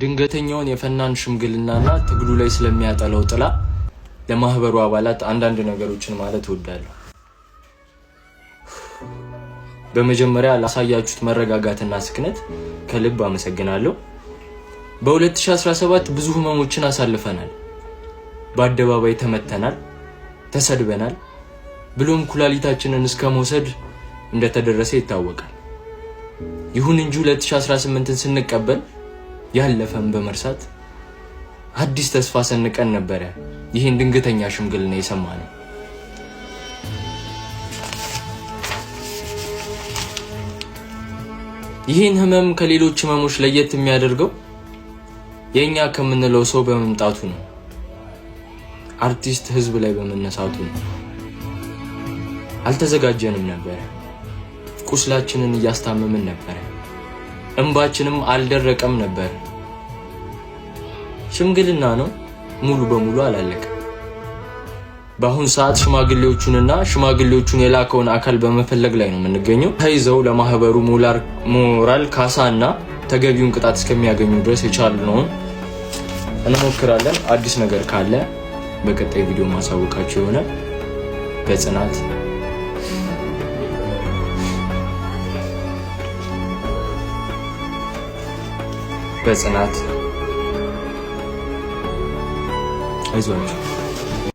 ድንገተኛውን የፈናን ሽምግልናና ትግሉ ላይ ስለሚያጠለው ጥላ ለማህበሩ አባላት አንዳንድ ነገሮችን ማለት እወዳለሁ። በመጀመሪያ ላሳያችሁት መረጋጋትና ስክነት ከልብ አመሰግናለሁ። በ2017 ብዙ ህመሞችን አሳልፈናል። በአደባባይ ተመተናል፣ ተሰድበናል፣ ብሎም ኩላሊታችንን እስከ መውሰድ እንደተደረሰ ይታወቃል። ይሁን እንጂ 2018ን ስንቀበል ያለፈን በመርሳት አዲስ ተስፋ ሰንቀን ነበረ ይህን ድንገተኛ ሽምግልና የሰማነው። ይህን ህመም ከሌሎች ህመሞች ለየት የሚያደርገው የእኛ ከምንለው ሰው በመምጣቱ ነው። አርቲስት ህዝብ ላይ በመነሳቱ ነው። አልተዘጋጀንም ነበረ። ቁስላችንን እያስታመምን ነበረ። እንባችንም አልደረቀም ነበር። ሽምግልና ነው፣ ሙሉ በሙሉ አላለቀም። በአሁን ሰዓት ሽማግሌዎቹንና ሽማግሌዎቹን የላከውን አካል በመፈለግ ላይ ነው የምንገኘው። ተይዘው ለማህበሩ ሞራል ካሳ እና ተገቢውን ቅጣት እስከሚያገኙ ድረስ የቻልነውን እንሞክራለን። አዲስ ነገር ካለ በቀጣይ ቪዲዮ ማሳወቃቸው የሆነ በጽናት በጽናት አይዟችሁ።